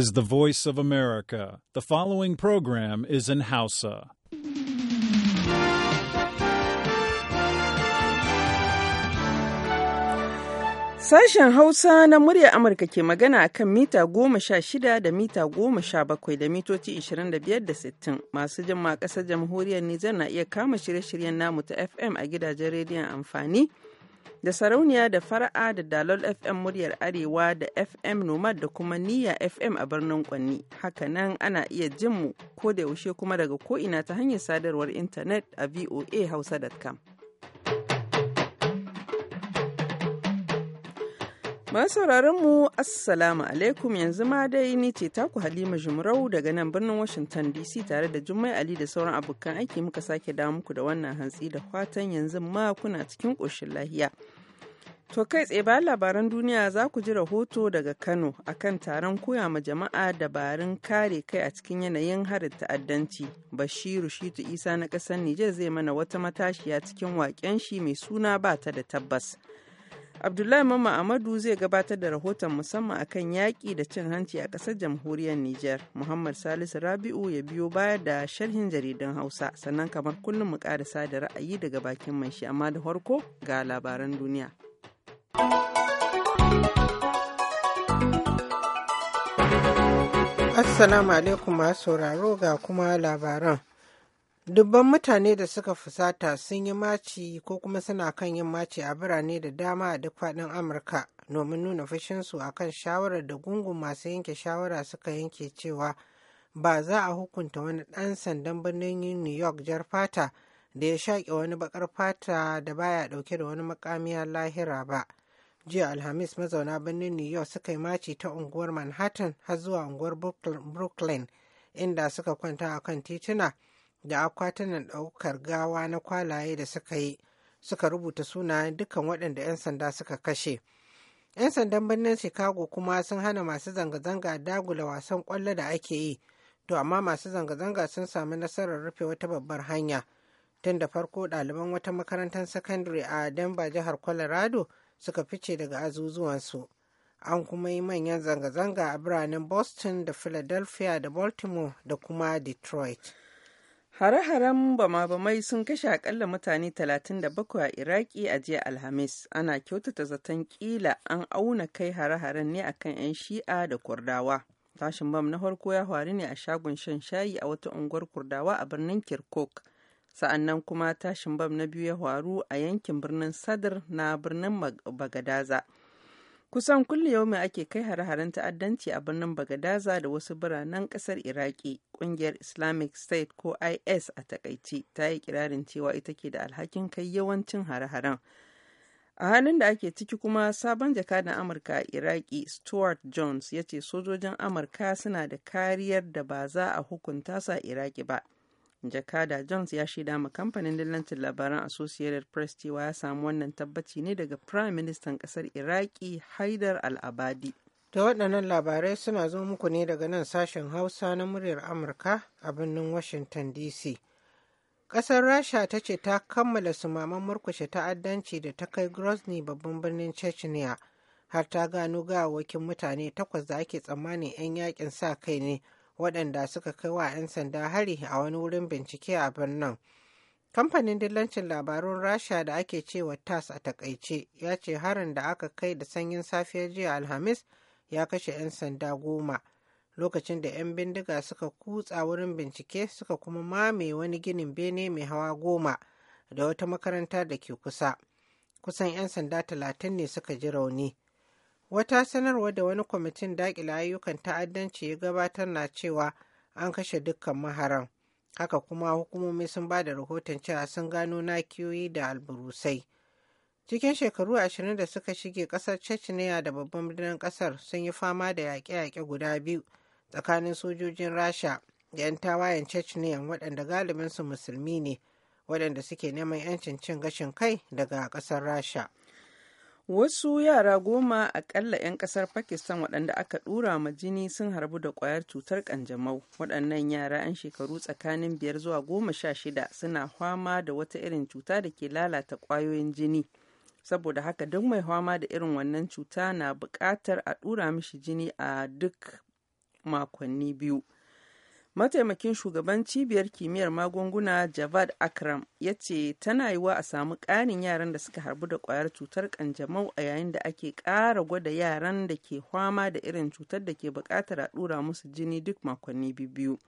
is the voice of America. The following program is in Hausa. Sashen Hausa na muryar Amurka ke magana a kan mita goma sha shida da mita goma sha bakwai da mitoci 25 da 60 masu jimma ƙasar jamhuriyar Nijar na iya kama shirye-shiryen namu ta FM a gidajen rediyon amfani. da sarauniya da fara'a da dalol fm muryar arewa da fm nomad da kuma niya fm a birnin kwanni hakanan ana iya jin mu ko da yaushe kuma daga ko'ina ta hanyar sadarwar intanet a voa hausa.com sauraron mu assalamu alaikum yanzu ma dai ni ce taku halima jumrau daga nan birnin washington dc tare da jummai ali da sauran abokan aiki muka sake dawo muku da wannan hantsi da fatan yanzu ma kuna cikin ƙoshin lahiya to kai tsaye bayan labaran duniya za ku ji rahoto daga kano akan taron koya ma jama'a dabarun kare kai a cikin yanayin harin ta'addanci bashiru shitu isa na ƙasar nijar zai mana wata matashiya cikin waƙen shi mai suna ba ta da tabbas Abdullahi Mamma Amadu zai gabatar da rahoton musamman akan yaƙi da cin hanci a ƙasar jamhuriyar Nijar. Muhammad Salisu Rabi'u ya biyo baya da sharhin jaridan Hausa sannan kamar kullum mu ƙarasa da ra'ayi daga bakin mai shi amma da farko ga labaran duniya. Assalamu alaikum masu sauraro ga kuma labaran. dubban mutane da suka fusata sun yi maci ko kuma suna kan yin maci a birane da dama a duk faɗin amurka domin nuna fushinsu a kan shawarar da gungun masu yanke shawara suka yanke cewa ba za a hukunta wani ɗan sandan birnin new york jar fata da ya shaƙe wani bakar fata da baya ɗauke da wani makamiya lahira ba jiya alhamis mazauna birnin new york suka yi maci ta unguwar manhattan har zuwa unguwar brooklyn inda suka kwanta a kan tituna da akwatunan ɗaukar gawa na kwalaye da suka yi suka rubuta sunayen dukkan waɗanda 'yan sanda suka kashe. 'Yan sandan birnin Chicago kuma sun hana masu zanga-zanga dagula wasan ƙwallo da ake yi, to amma masu zanga-zanga sun sami nasarar rufe wata babbar hanya. Tun da farko ɗaliban wata makarantar sakandare a Denver jihar Colorado suka fice daga azuzuwansu. An kuma yi manyan zanga-zanga a biranen Boston da Philadelphia da Baltimore da kuma Detroit. Hare-haren bama-bamai sun kashe akalla mutane 37 a Iraki a jiya Alhamis. Ana kyautata zaton kila an auna kai hare-haren ne akan 'yan shi'a da kurdawa. Tashin bam na farko ya faru ne a shagon shan shayi a wata unguwar kurdawa a birnin Kirkuk. Sa'annan kuma tashin bam na biyu ya faru a yankin birnin Sadr na birnin Bagadaza. Kusan yau mai ake kai hare-haren ta'addanci a birnin Bagadaza da wasu biranen kasar Iraki. kungiyar Islamic State ko IS a takaici, ta yi kirarin cewa ita ke da alhakin kai yawancin hare-haren. a halin da ake ciki kuma sabon jakadan amurka a iraki stuart jones ya ce sojojin amurka suna da kariyar da ba za a hukunta su a iraki ba jakada jones ya shaida ma kamfanin dillancin labaran associated press cewa ya samu wannan tabbaci ne daga prime ministan kasar iraki haidar al-abadi da waɗannan labarai suna zo muku ne daga nan sashen hausa na muryar amurka a birnin washington dc ƙasar rasha ta ce ta kammala sumaman murkushe ta'addanci da ta kai grozny babban birnin chechnya har ta gano gawakin mutane takwas da ake tsammanin 'yan yakin sa kai ne waɗanda suka kai wa 'yan sanda hari a wani wurin bincike a birnin. Kamfanin dillancin labarun Rasha da ake cewa TAS a takaice ya ce harin da aka kai da sanyin safiyar jiya Alhamis ya kashe 'yan sanda goma lokacin da 'yan bindiga suka kutsa wurin bincike suka kuma mame wani ginin bene mai hawa goma da wata makaranta da ke kusa. Kusan 'yan sanda talatin ne suka ji rauni. Wata sanarwa da wani kwamitin daƙila ayyukan ta'addanci ya gabatar na cewa an kashe dukkan maharan. Haka kuma hukumomi sun ba da rahoton cewa sun gano nakiyoyi da alburusai. Cikin shekaru ashirin da suka shige ƙasar Chechnya da babban birnin ƙasar sun yi fama da yaƙe-yaƙe guda biyu tsakanin sojojin Rasha da 'yan tawayen Chechnya waɗanda galibinsu musulmi ne waɗanda suke neman 'yancin cin gashin kai daga ƙasar Rasha. Wasu yara goma akalla 'yan kasar Pakistan waɗanda aka ɗura ma jini sun harbu da ƙwayar cutar ƙanjamau. Waɗannan yara 'yan shekaru tsakanin biyar zuwa goma sha shida suna fama da wata irin cuta da ke lalata ƙwayoyin jini. Saboda haka duk mai fama da irin wannan cuta na buƙatar a ɗura mishi jini a duk makonni biyu. mataimakin shugaban cibiyar kimiyyar magunguna javad akram ya ce tana yiwa a samu ƙarin yaran da suka harbu da ƙwayar cutar kanjamau a yayin da ake ƙara gwada yaran da ke fama da irin cutar da ke buƙatar a ɗura musu jini duk makonni biyu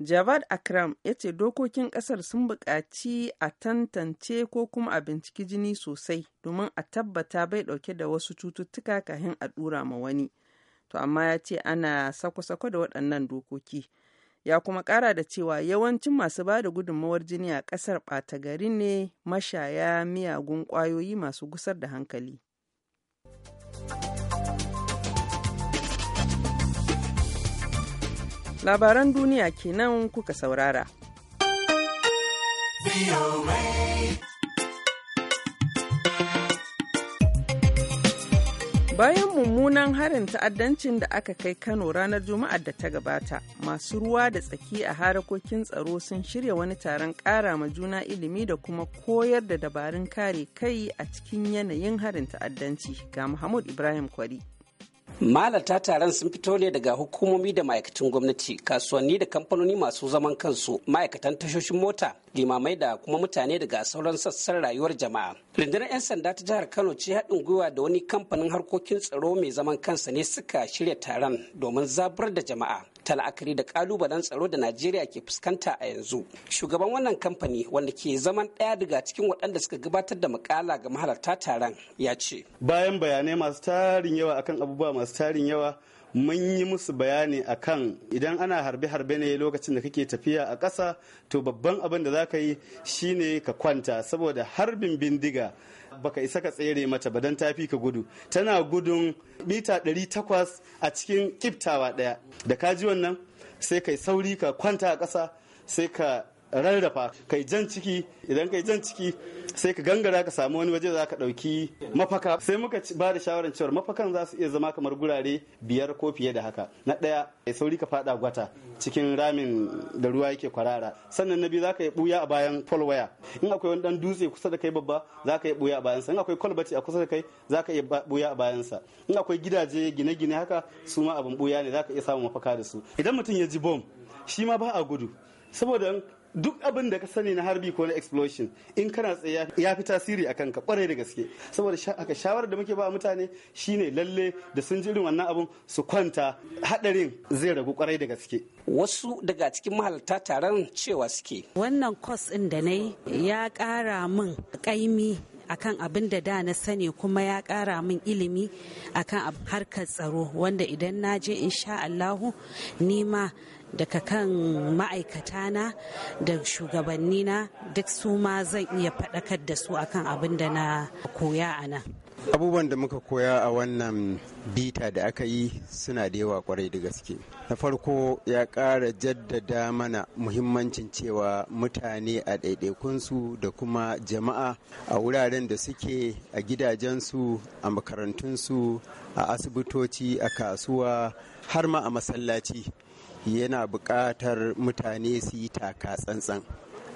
javad akram ya ce dokokin ƙasar sun buƙaci a tantance ko kuma a binciki jini sosai domin a tabbata bai ɗauke da wasu cututtuka kafin a ɗura ma wani to amma ya ce ana sako-sako da waɗannan dokoki ya kuma kara da cewa yawancin masu ba da gudunmawar jini a kasar ɓata gari ne mashaya miyagun ƙwayoyi masu gusar da hankali labaran duniya kenan kuka saurara. Bayan mummunan harin ta'addancin da aka kai Kano ranar Juma'ar da ta gabata, masu ruwa da tsaki a harakokin tsaro sun shirya wani taron ƙara ma juna ilimi da kuma koyar da dabarun kare kai a cikin yanayin harin ta'addanci ga mahmud Ibrahim Kwari. Malata taron sun fito ne daga hukumomi da ma'aikatan gwamnati, kasuwanni da kamfanoni masu zaman kansu, ma'aikatan tashoshin mota, limamai da kuma mutane daga sauran sassan rayuwar jama'a. Rundunar 'yan sanda ta jihar Kano ce haɗin gwiwa da wani kamfanin harkokin tsaro mai zaman kansa ne suka shirya taron domin zabar da jama'a. ta la'akari da kalubalen tsaro da Najeriya ke fuskanta a yanzu. Shugaban wannan kamfani wanda ke zaman ɗaya daga cikin waɗanda suka gabatar da makala ga mahalarta taron ya ce. Bayan bayanai masu tarin yawa akan abubuwa masu tarin yawa mun yi musu bayani akan idan ana harbe-harbe ne lokacin da kake tafiya a ƙasa to babban abin da za ka yi shine ka kwanta saboda harbin bindiga baka isa ka tsere mata ba don tafi ka gudu tana gudun mita 800 a cikin kiftawa daya da ka ji wannan sai kai sauri ka kwanta a ƙasa sai ka rarrafa kai jan ciki idan kai jan ciki sai ka gangara ka samu wani waje za ka ɗauki mafaka sai muka ba da shawarar cewar mafakan za su iya zama kamar gurare biyar ko fiye da haka na ɗaya sauri ka faɗa gwata cikin ramin da ruwa yake kwarara sannan na biyu za ka yi ɓuya a bayan waya in akwai wani ɗan dutse kusa da kai babba za ka yi ɓuya a bayansa in akwai kwalbati a kusa da kai za ka yi ɓuya a bayansa in akwai gidaje gine-gine haka su ma abin buya ne za ka iya samun mafaka da su idan mutum ya ji bom shi ma ba a gudu saboda duk abin da ka sani na harbi ko na explosion in kana tsaye ya fi tasiri akan ka kwarai da gaske saboda aka shawarar da muke ba mutane shine lalle da sun ji irin wannan abun su kwanta hadarin zai ragu kwarai da gaske wasu daga cikin mahalarta taron cewa suke wannan kwas din da nayi ya kara min kaimi akan abin da da na sani kuma ya kara min ilimi akan harkar tsaro wanda idan na je insha Allahu nima daga kan ma'aikata na da shugabanni na duk su ma zan iya faɗakar da su akan abin da na koya a nan abubuwan da muka koya a wannan bita da aka yi suna da yawa kwarai da gaske na farko ya ƙara jaddada mana muhimmancin cewa mutane a ɗaiɗaikunsu da kuma jama'a a wuraren da suke a gidajensu a makarantunsu a asibitoci a kasuwa har ma a masallaci yana buƙatar mutane su yi taka tsantsan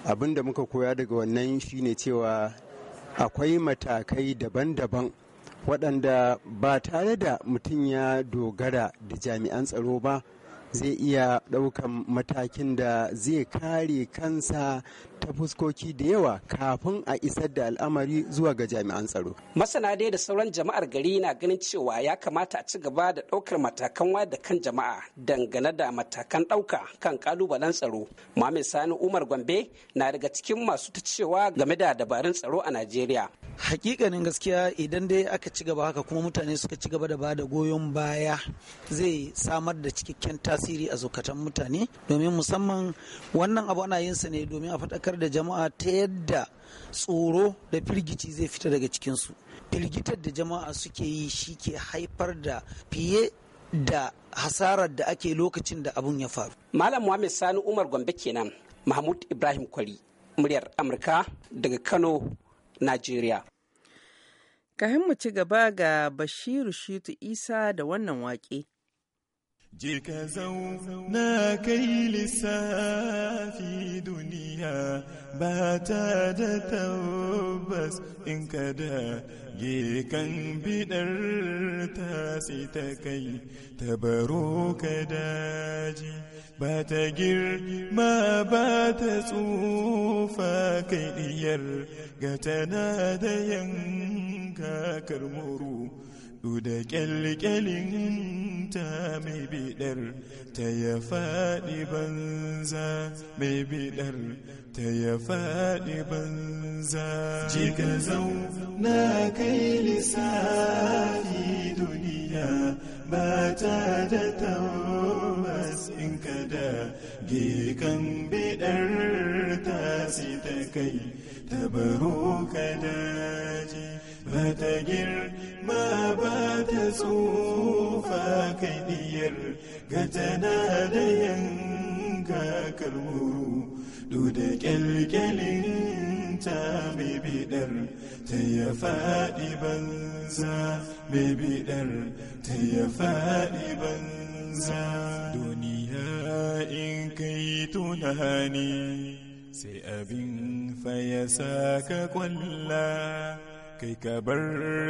abin da muka koya daga wannan shine cewa akwai matakai daban-daban waɗanda ba tare da mutum ya dogara da jami'an tsaro ba zai iya ɗaukan matakin da zai kare kansa ta fuskoki da yawa kafin a isar da al'amari zuwa ga jami'an tsaro. Masana dai da sauran jama'ar gari na ganin cewa ya kamata a ci gaba da ɗaukar matakan wayar da kan jama'a dangane da matakan ɗauka kan ƙalubalen tsaro. Mamin Sani Umar Gombe na daga cikin masu ta cewa game da dabarun tsaro a Najeriya. Hakikanin gaskiya idan dai aka ci gaba haka kuma mutane suka ci gaba da ba da goyon baya zai samar da cikakken tasiri a zukatan mutane domin musamman wannan abu ana yin sa ne domin a faɗakar faɗakar da jama'a ta yadda tsoro da firgici zai fita daga cikinsu firgitar da jama'a suke yi shi ke haifar da fiye da hasarar da ake lokacin da abun ya faru malam muhammad sani umar gombe kenan mahmud ibrahim kwari muryar amurka daga kano nigeria kahin mu ci gaba ga bashiru shitu isa da wannan waƙe جيك زونا كي لسا في دنيا باتا دتوبس انكدا جيكا بدرتا ستكي تبروك داجي باتا جير ما بات صوفا كي ير قتنا دينكا كرمورو Du da kyalkyalin ta mai bidar ta ya faɗi banza mai bidar ta ya faɗi banza. Jika zau na kai lissafi duniya ba ta da tabbas in kada gikan bidar ta si ta kai tabaro ka daji. متجر ما بات سوفا كدير قتنا دينك كالورو دود كالكلين تابي بدر فادي بنزا ببدر فادي بنزا دنيا إن كيت تنهاني سي أبن فيساك كلا kai ka bar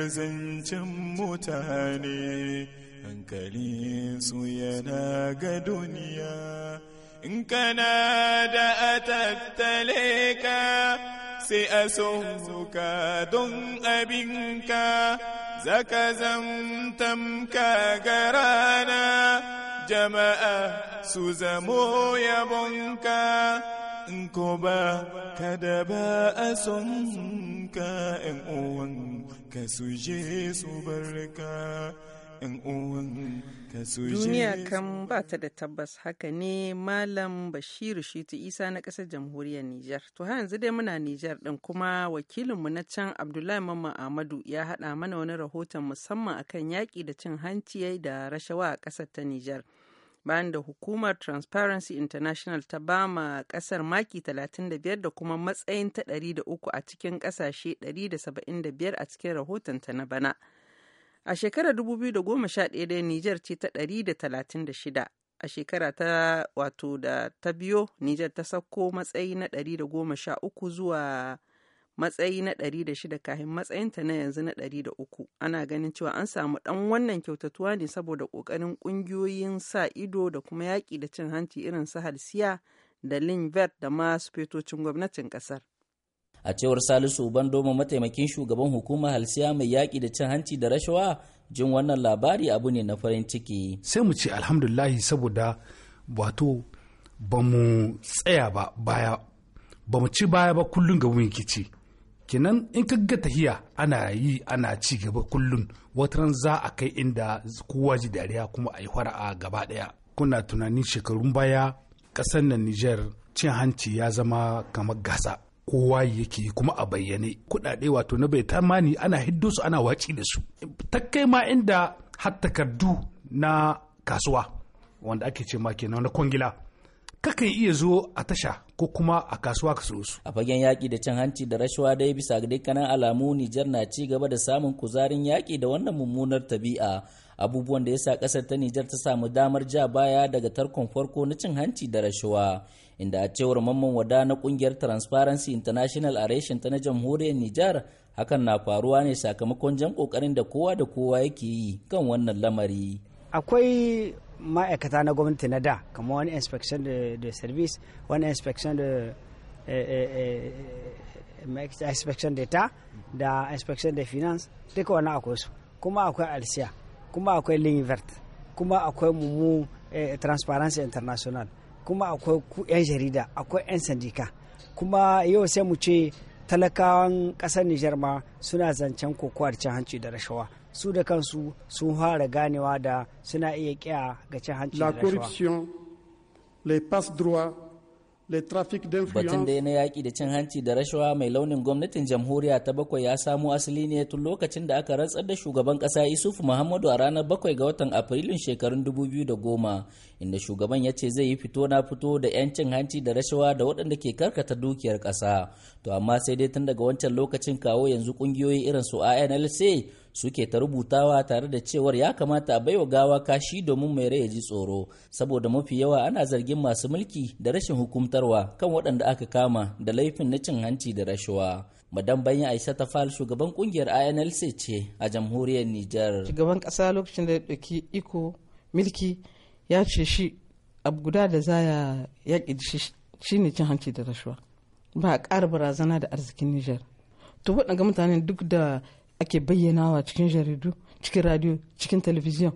zancen mutane hankali su yana ga duniya in kana da a tattale ka sai a sohuka don abinka zaka zamtamka ga rana jama'a su zamo yabonka ko ba kada ba a son ka ‘yan uwan ka su su barka ‘yan uwan ka su duniya kan ba ta da tabbas haka ne malam bashiru shitu isa na ƙasar jamhuriyar nijar to har yanzu dai muna nijar ɗin kuma wakilinmu na can abdullahi mamman ahmadu ya haɗa mana wani rahoton musamman akan yaƙi da cin hanci da rashawa a ƙasar ta nijar bayan da hukumar transparency international ta ba ma kasar maki 35 da kuma matsayin ta 103 a cikin kasashe 175 a cikin rahotonta na bana a shekarar 2011 niger ce ta 136 a shekara ta wato da ta biyo niger ta sako matsayi na 113 zuwa matsayi na 106 matsayin ta na yanzu na 103 ana ganin cewa an samu dan wannan kyautatuwa ne saboda kokarin kungiyoyin sa ido da kuma yaƙi da cin hanci irin su halsiya da linvet da masu fetocin gwamnatin kasar a cewar salisu bandoma mataimakin shugaban hukumar halsiya mai yaƙi da cin hanci da rashawa jin wannan labari abu ne na farin ciki sai mu ce alhamdulahi saboda wato ba mu tsaya ba baya ba mu ci baya ba kullum ga mu ci kenan in ka ga tahiya ana yi ana ci gaba kullun wataran za a kai inda kowa ji dariya kuma a yi fara'a gaba daya kuna tunanin shekarun baya kasar nan Nijar cin hanci ya zama kamar gasa kowa yake kuma a bayyane kuɗaɗe wato na bai tamani ana hiddo su ana waci da su takai ma inda har takardu na kasuwa wanda ake ce ma kenan na kwangila kakan iya zo a tasha ko kuma a kasuwa ka su. A fagen yaƙi da cin hanci da rashawa dai bisa ga dukkanin alamu Nijar na ci gaba da samun kuzarin yaƙi da wannan mummunar tabi'a. Abubuwan da ya sa ƙasar ta Nijar ta samu damar ja baya daga tarkon farko na cin hanci da rashawa. Inda a cewar mamman wada na ƙungiyar Transparency International a reshen ta na jamhuriyar Nijar hakan na faruwa ne sakamakon jan ƙoƙarin da kowa da kowa yake yi kan wannan lamari. Akwai ma'aikata na gwamnati na da kamar wani inspection da service wani inspection eh, eh, eh, da inspection data da inspection da finance duka wani akwai su kuma akwai alsiya kuma akwai linivert kuma akwai mumu transparency international kuma akwai 'yan jarida akwai 'yan sandika kuma yau sai mu ce talakawan ƙasar Nijar ma suna zancen kokowar cin hanci da rashawa su da kansu sun fara ganewa da suna iya kiya ga cin hanci da rashawa. La corruption, les passe droits Batun dai na yaki da cin hanci da rashawa mai launin gwamnatin jamhuriya ta bakwai ya samo asali ne tun lokacin da aka rantsar da shugaban ƙasa Isufu Muhammadu a ranar bakwai ga watan Afrilun shekarun 2010 inda shugaban ya ce zai yi fito na fito da 'yan cin hanci da rashawa da waɗanda ke karkata dukiyar ƙasa. To amma sai dai tun daga wancan lokacin kawo yanzu ƙungiyoyi irin su INLC suke ta rubutawa tare da cewar ya kamata a baiwa gawa kashi domin mai rai ji tsoro saboda mafi yawa ana zargin masu mulki da rashin hukumtarwa kan waɗanda aka kama da laifin na cin hanci da rashawa madan bayan aisha tafal shugaban kungiyar inlc ce a jamhuriyar niger shugaban kasa lokacin da ya ɗauki iko milki ya ce shi abu guda da ya yaƙi shi ne cin hanci da rashawa ba a ƙara barazana da arzikin niger to waɗanga mutane duk da ake bayyanawa cikin jaridu cikin radio cikin talabijin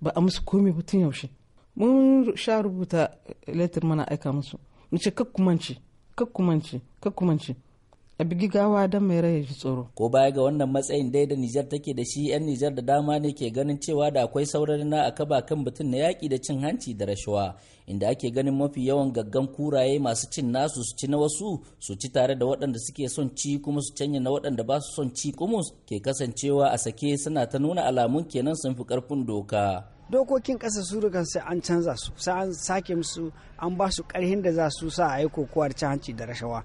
ba a musu komi ba tun yaushe mun sha rubuta letter mana aika musu mu ce kakkumanci kakkumanci kakkumanci a bigi gawa don mai rai tsoro. Ko baya ga wannan matsayin dai da Nijar take da shi 'yan Nijar da dama ne ke ganin cewa da akwai saurari na akaba kan batun na yaƙi da cin hanci da rashawa inda ake ganin mafi yawan gaggan kuraye masu cin nasu su ci na wasu su ci tare da waɗanda suke son ci kuma su canya na waɗanda ba su son ci kuma ke kasancewa a sake suna ta nuna alamun kenan sun fi ƙarfin doka. dokokin kasa su da sai an canza su sai an sake musu an ba su ƙarhin da za su sa a yi kokowar cin hanci da rashawa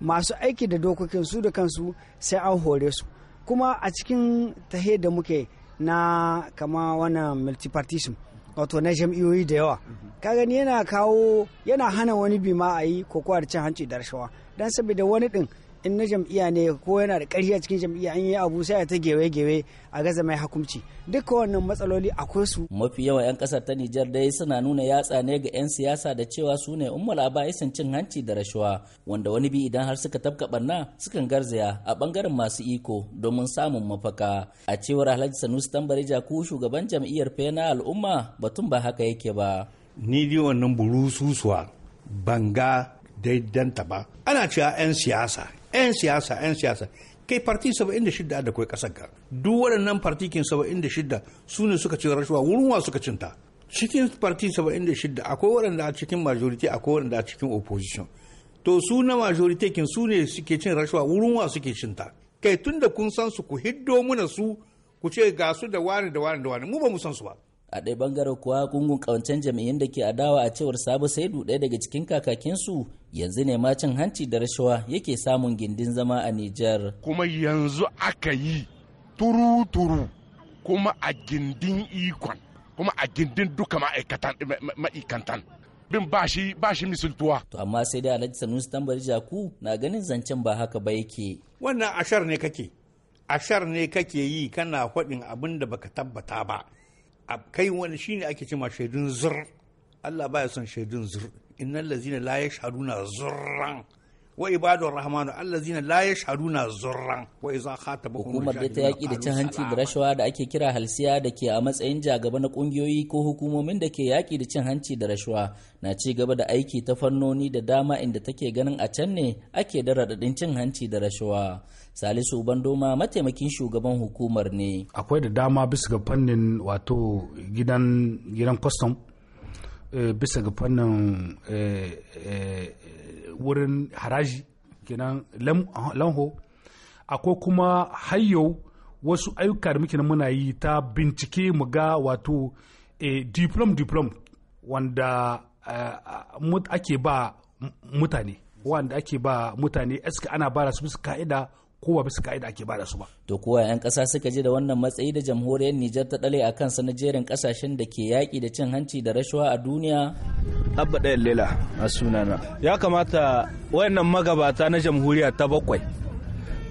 masu aiki da dokokin su da kansu sai an hore su kuma a cikin tahe da muke na kama wannan multipartism wato na jam'iyoyi da yawa mhm. kaga ni yana kawo yana hana wani bima a yi kokowar da cin hanci da rashawa don saboda wani din in na jam'iyya ne ko yana da ƙarfi a cikin jam'iyya an yi abu sai ta gewe-gewe a gaza mai hukunci duka wannan matsaloli akwai su mafi yawan 'yan kasar ta nijar dai suna nuna yatsa ne ga 'yan siyasa da cewa su ne ummul sun cin hanci da rashawa wanda wani bi idan har suka tafka barna sukan garzaya a bangaren masu iko domin samun mafaka a cewar alhaji sanusi tambari jaku shugaban jam'iyyar fena al'umma batun ba haka yake ba ni dai wannan burususuwa banga daidanta ba ana cewa 'yan siyasa 'yan siyasa 'yan siyasa kai farti 76 da kai kasar ka duk waɗannan fartikin 76 su ne suka ci rashuwa wurin wa suka cinta cikin farti 76 akwai waɗanda a cikin majority akwai waɗanda a cikin opposition to su na majority kin su ne suke cin rashuwa wurin wa suke cinta kai tun da kun san su ku hiddo muna su ku ce ga su da wani da wani da wani mu ba mu san su ba a ɗaya bangaren kuwa gungun kawancen jami'in da ke adawa a cewar sabu saidu ɗaya daga cikin kakakinsu yanzu ne ma cin hanci da rashawa yake samun gindin zama a nijar kuma yanzu aka yi turu-turu kuma a gindin ikon kuma a gindin duka ma'aikatan bin ba shi ba shi misultuwa to amma sai dai alhaji sanusi tambari jaku na ganin zancen ba haka ba yake wannan ashar ne kake ashar ne kake yi kana faɗin abin da baka tabbata ba a kai wani ne ake cewa shaidun zur Allah baya son shaidun zur innal lazina la yashhaduna zurran wa ibadur rahmanu allazina la yashhaduna zurran wa idza hukumar da ta yaki da cin hanci da rashawa da ake kira halsiya da ke a matsayin jagaba na kungiyoyi ko hukumomin da ke yaki da cin hanci da rashawa na ci gaba da aiki ta fannoni da dama inda take ganin a can ne ake da radadin cin hanci da rashawa salisu bandoma mataimakin shugaban hukumar ne akwai da dama bisa ga fannin wato gidan gidan kwastam Eh, bisa ga fannin eh, eh, wurin haraji kenan lanho akwai kuma hayo wasu ayyuka da muke muna yi ta bincike mu ga wato diplom diplom wanda ake ba mutane wanda ake ba mutane eska ana bara su bisa ka'ida kowa ba bisa ka'ida ake bada su ba. To kowa 'yan ƙasa suka ji da wannan matsayi da jamhuriyar Nijar ta ɗale a kansa na jerin ƙasashen da ke yaƙi da cin hanci da rashawa a duniya. Abba ɗaya lela a sunana. Ya kamata wayannan magabata na jamhuriya ta bakwai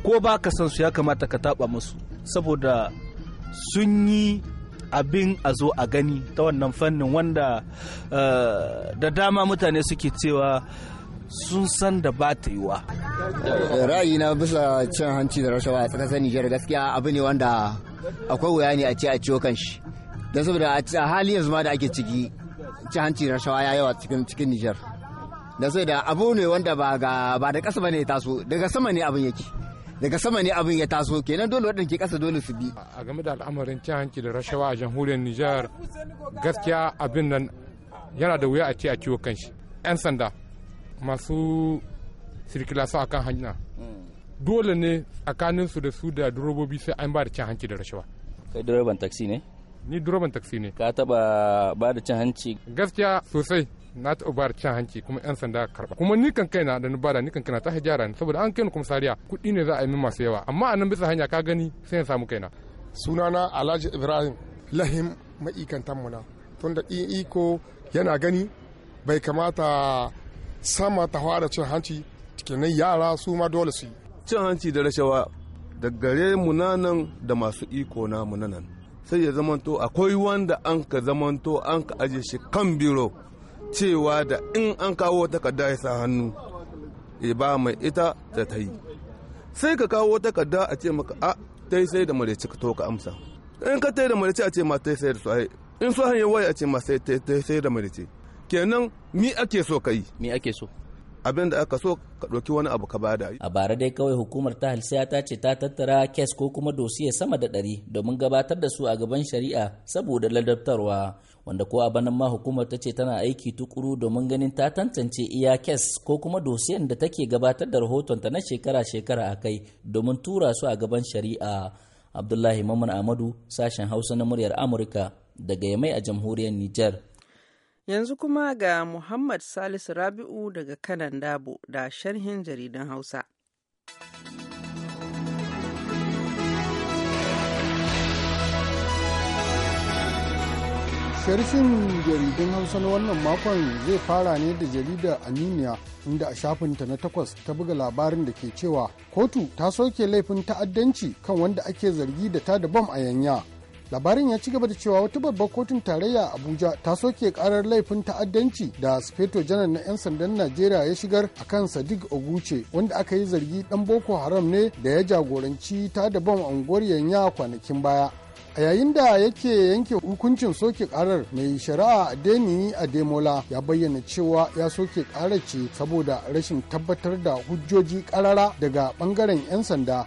ko ba ka san su ya kamata ka taɓa musu saboda sun yi abin a zo a gani ta wannan fannin wanda eh, da dama mutane suke cewa sun san da ba ta yiwa. na bisa cin hanci da rashawa a tsakasar nijar gaskiya abu ne wanda akwai wuya ne a ce a ciwo kan shi don saboda a halin yanzu ma da ake ciki cin hanci da rashawa ya yawa cikin cikin nijar da saboda abu ne wanda ba ba da kasa bane ya taso daga sama ne abin yake daga sama ne abin ya taso kenan dole waɗanda ke kasa dole su bi a game da al'amarin cin hanci da rashawa a jamhuriyar nijar gaskiya abin nan yana da wuya a ce a ciwo kan shi 'yan sanda masu sirkilasu a kan hanya hmm. dole ne su da su da durobobi sai an ba da cin hanci da rashawa kai direban taksi ne ni direban taksi ne ka taba ba da cin hanci gaskiya sosai na taɓa da cin hanci kuma yan sanda karɓa kuma ni kan kaina da ni bada ni kan kaina ta hajara ne saboda an kai ni sariya. kuɗi ne za a yi min masu yawa amma a nan bisa hanya ka gani sai ya samu kaina sunana alhaji ibrahim lahim ma'ikantan muna da iko yana gani bai kamata sama ta fara cin hanci kenan yara su ma dole su yi cin hanci da rashawa da gare mu nan da masu iko na mu nan sai ya zamanto akwai wanda an ka zamanto an ka aje shi kan biro cewa da in an kawo takarda ya sa hannu ya ba mai ita ta ta yi sai ka kawo takarda a ce maka ah, a yi sai da mareci ka to ka amsa in ka yi da mareci a ce ma yi sai da su in su hanyar waya a ce ma sai da sai da ce. kenan mi ake so ka mi ake so abin da aka so ka ɗauki wani abu ka bada. A bara dai kawai hukumar ta halsiya ta ce ta tattara kes ko kuma dosiye sama da ɗari domin gabatar da su a gaban shari'a saboda ladabtarwa wanda ko a banan ma hukumar ta ce tana aiki tukuru domin ganin ta tantance iya kes ko kuma dosiyan da take gabatar da rahoton ta na shekara-shekara a kai domin tura su a gaban shari'a. Abdullahi Maman Amadu sashen Hausa na muryar Amurka daga Yamai a jamhuriyar Nijar. Yanzu kuma ga Muhammad Salisu Rabi'u daga kanan dabo da sharhin jaridan Hausa. sharhin jaridun hausa na wannan makon zai fara ne da jaridar aminiya inda a shafinta na takwas ta buga labarin da ke cewa kotu ta soke laifin ta'addanci kan wanda ake zargi da ta da bom a yanya labarin ya ci gaba da cewa wata babbar kotun tarayya abuja ta soke karar laifin ta'addanci da sufeto janar na 'yan sandan najeriya ya shigar a kan sadiq oguce wanda aka yi zargi dan boko haram ne da ya jagoranci ta da bom unguwar yanya kwanakin baya a yayin da yake yanke hukuncin soke karar mai shari'a deni ademola ya bayyana cewa ya soke karar ce saboda rashin tabbatar da hujjoji karara daga bangaren 'yan sanda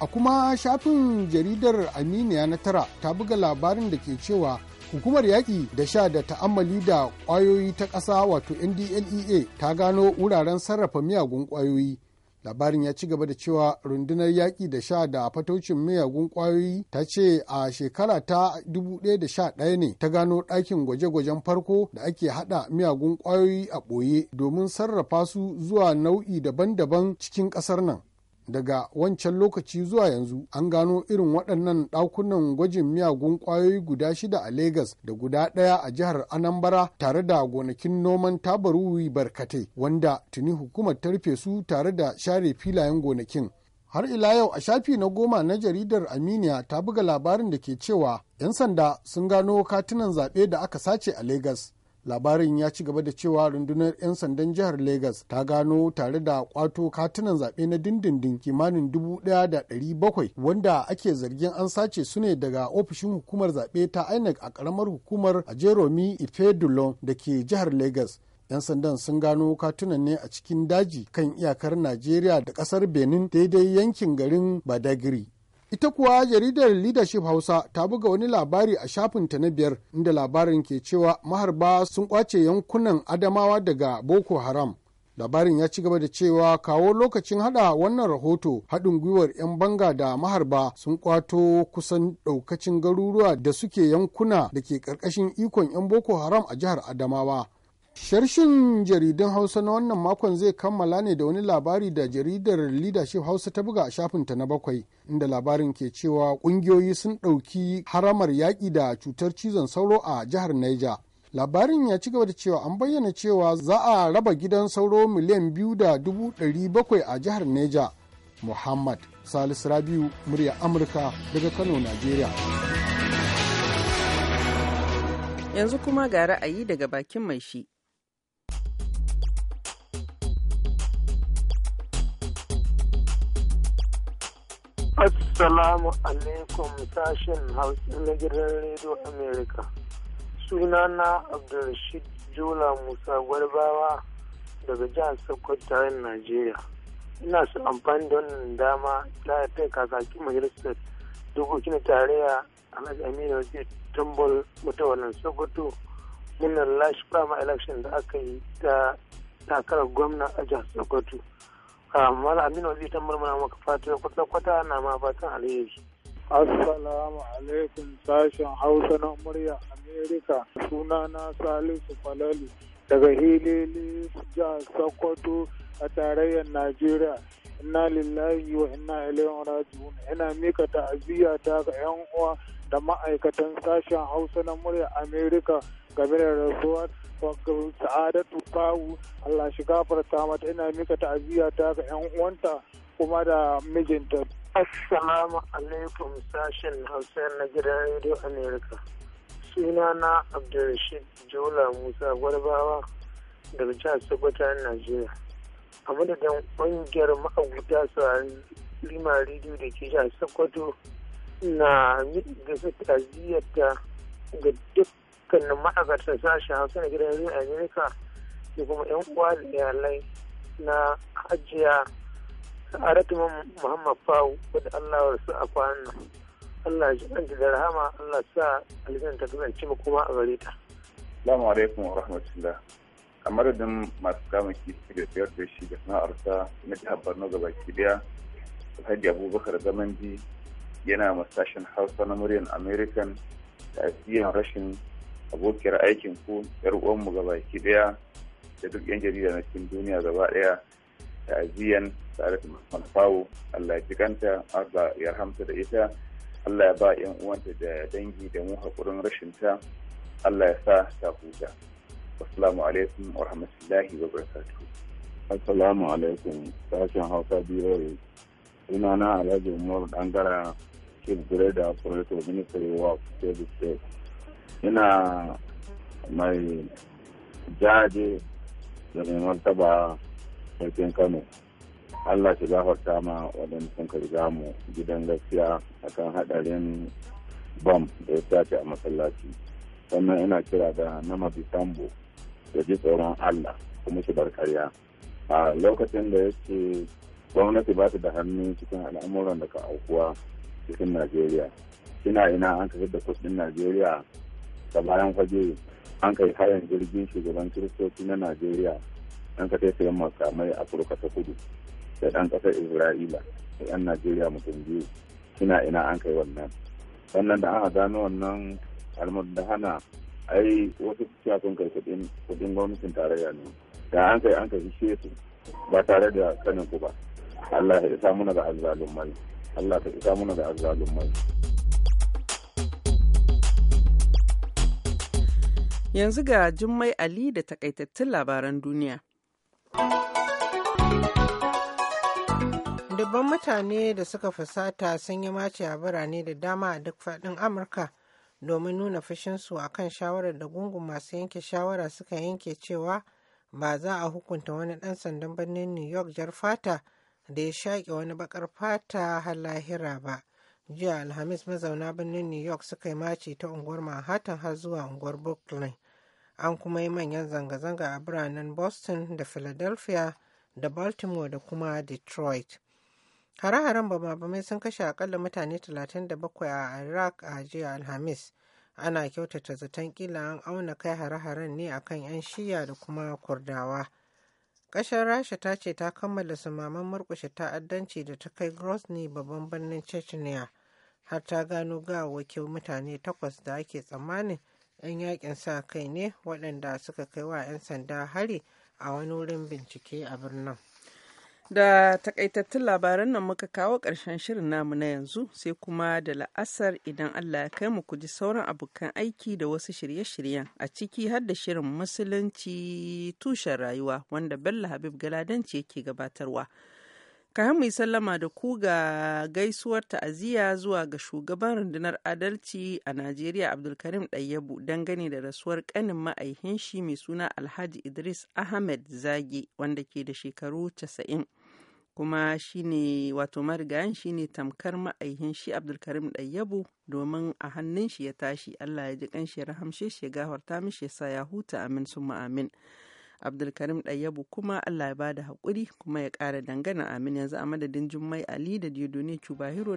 A kuma shafin jaridar Aminiya na tara ta buga labarin da ke cewa hukumar yaƙi da sha da ta'ammali da ƙwayoyi ta ƙasa wato ndlea ta gano wuraren sarrafa miyagun ƙwayoyi labarin ya ci gaba da cewa rundunar yaƙi da sha da fatocin miyagun ƙwayoyi ta ce a shekara ta ɗaya ne ta gano ɗakin gwaje-gwajen farko da ake haɗa miyagun ƙwayoyi a ɓoye domin sarrafa su zuwa nau'i daban-daban cikin ƙasar nan daga wancan lokaci zuwa yanzu an gano irin waɗannan ɗakunan gwajin miyagun ƙwayoyi guda shida a Legas da guda ɗaya a jihar Anambra tare da gonakin noman tabaruwi barkatai wanda tuni hukumar ta rufe su tare da share filayen gonakin. har ila yau a shafi na goma na jaridar aminiya ta buga labarin da ke cewa 'yan sanda sun gano katunan zaɓe da aka sace a Legas. labarin ya ci gaba da cewa rundunar 'yan sandan jihar lagos ta gano tare da kwato katunan zaɓe na dindindin kimanin 1,700 wanda ake zargin an sace su ne daga ofishin hukumar zaɓe ta inec a ƙaramar hukumar ajeromi ifedulon da ke jihar lagos 'yan sandan sun gano katunan ne a cikin daji kan iyakar najeriya da ƙasar benin daidai yankin garin badagiri Ita kuwa jaridar Leadership Hausa ta buga wani labari a shafinta na biyar inda labarin ke cewa maharba sun kwace yankunan Adamawa daga Boko Haram. Labarin ya ci gaba da cewa kawo lokacin hada wannan rahoto haɗin gwiwar 'yan banga da maharba sun kwato kusan ɗaukacin garuruwa da suke yankuna da ke ƙarƙashin ikon 'yan Boko Haram a jihar Adamawa. Sharshin jaridun Hausa na wannan makon zai kammala ne da wani labari da jaridar Leadership Hausa ta buga a shafinta na bakwai, inda labarin ke cewa ƙungiyoyi sun ɗauki haramar yaƙi da cutar cizon sauro a jihar Niger. Labarin ya ci gaba da cewa an bayyana cewa za a raba gidan sauro miliyan biyu da dubu ɗari bakwai a jihar Niger. Muhammad Salisu Rabiu, murya Amurka daga Kano, Najeriya. yanzu kuma ga ra'ayi daga bakin mai shi. Assalamu alaikum sashen Hausa na gidan Radio America. Sunana Abdulrashid Jola Musa Gwarbawa daga jihar Sokoto tarayyar Najeriya. Ina su amfani da wannan dama ta kai kakaki majalisar dokokin tarayya Alhaji Aminu Wajen Tambol mutawalan Sokoto muna lashe fama election da aka yi ta takarar gwamna a jihar Sokoto. Mala Aminu zai tambar mana maka kwata-kwata na ma fatan alheri. Assalamu alaikum sashen Hausa na murya Amerika. Sunana Salisu Falalu daga Hilili jihar Sokoto a tarayyar Najeriya. Inna lillahi wa inna ilaihi raji'un. Ina mika ta'aziyya ta ga 'yan uwa da ma'aikatan sashen Hausa na murya Amerika game da rasuwar sa'adatu kawu Allah shi gafarta mata ina mika ta'aziyya ta ga 'yan uwanta kuma da mijinta. Assalamu alaikum sashen Hausa na gidan Radio America. Suna na Abdulrashid Jola Musa Gwarbawa daga jihar Sokoto Najeriya. A madadin ƙungiyar ma'abuta su Lima Radio da ke jihar Sokoto na gasa ta'aziyyarta ga duk kannin ma'aikatan sashen hausa na gidan yanzu amerika da kuma yan uwa da iyalai na hajiya sa'adatu muhammad fawu wadda allah wa su a kwanan nan allah ji ɗanta da rahama allah sa alifin ta kasance mu kuma a gare ta. salamu alaikum wa rahmatullah kamar madadin masu kamun kifi da tsayar da shi da sa na jihar borno gaba ki daya alhaji abubakar zaman yana masashen hausa na muryan american da asiyan rashin abokiyar aikin ku yar uwanmu baki daya da duk yan jarida na cikin duniya gaba daya da aziyan tare da malfawo Allah ya kanta Allah ya rahamta da ita Allah ya ba yan uwanta da dangi da mu hakurin rashin ta Allah ya sa ta huta assalamu alaikum wa rahmatullahi wa barakatuh assalamu alaikum sashen hausa ina sunana alhaji umar dangara chief da of political ministry of state ina mai jaje da mai martaba sarkin kano allah shi gafarta ma wadanda sun mu gidan gaskiya akan hadarin bam da ya tace a masallaci sannan ina kira da nama bisambo da ji tsoron allah kuma shi bar karya a lokacin da yake gwamnati ba ta da hannu cikin al'amuran da ka aukuwa cikin najeriya ina ina an kasar da kudin najeriya da bayan fage an kai hayan jirgin shugaban kiristoci na najeriya an ka taifaya makamai afirka ta kudu da ɗan ƙasar isra'ila da 'yan najeriya mutum biyu suna ina an kai wannan sannan da aka gano wannan da hana ai wasu cewa kai kudin gwamnatin tarayya ne da an kai an kai shi su ba tare da sanin ku ba Allah ya isa muna da azzalumai Allah ta isa muna da azzalumai Yanzu ga Jummai Ali da takaitattun labaran duniya. Dubban mutane da suka fusata sun yi mace a birane da dama a duk faɗin Amurka domin nuna fushinsu a kan shawarar da gungun masu yanke shawara suka yanke cewa ba za a hukunta wani ɗan sandan birnin New York jar fata da ya shaƙe wani bakar fata har lahira ba. Jiya Alhamis mazauna birnin New York suka yi mace ta unguwar Manhattan har zuwa unguwar Brooklyn. an kuma yi manyan zanga-zanga a biranen boston da philadelphia da baltimore da kuma detroit hare-haren bama-bamai sun kashe akalla mutane 37 a iraq a jiya alhamis ana kyautata zaton kila an auna kai hare-haren ne akan 'yan shiya da kuma kurdawa ƙasar rasha ta ce ta kammala sumaman murkushe ta'addanci da ta kai grozny babban birnin chechnya har ta gano gawakin mutane takwas da ake tsammanin 'yan yakin sa kai ne waɗanda suka kai wa 'yan sanda hari a wani wurin bincike a birnin. Da takaitattun labaran nan muka kawo ƙarshen shirin namu na yanzu sai kuma da la'asar idan Allah ya kai mu ku ji sauran abokan aiki da wasu shirye-shiryen a ciki har da shirin musulunci tushen rayuwa wanda Bello Habib Galadanci yake gabatarwa. kayan mai sallama da ku ga gaisuwar ta'aziyya zuwa ga shugaban rundunar adalci a najeriya abdulkarim ɗayyabu dangane da rasuwar ƙanin ma'aihin shi mai suna alhaji idris ahmed zage wanda ke da shekaru 90 kuma shine wato marigayen shine tamkar ma'aihin shi abdulkarim ɗayyabu domin a hannun shi ya tashi allah ya ji ƙanshi ya rahamshe shi ya gafarta mishi ya sa ya huta amin summa amin abdulkarim kuma allah ya bada haƙuri kuma ya ƙara dangana amin yanzu a madadin jummai ali da diodone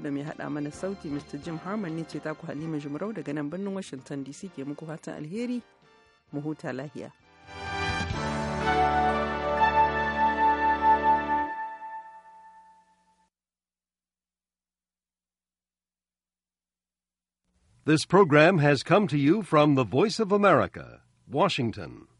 da mai haɗa mana sauti mr jim harman ne ce taku halima daga nan birnin washington dc ke muku fatan alheri mu huta lahiya This program has come to you from the Voice of America, Washington.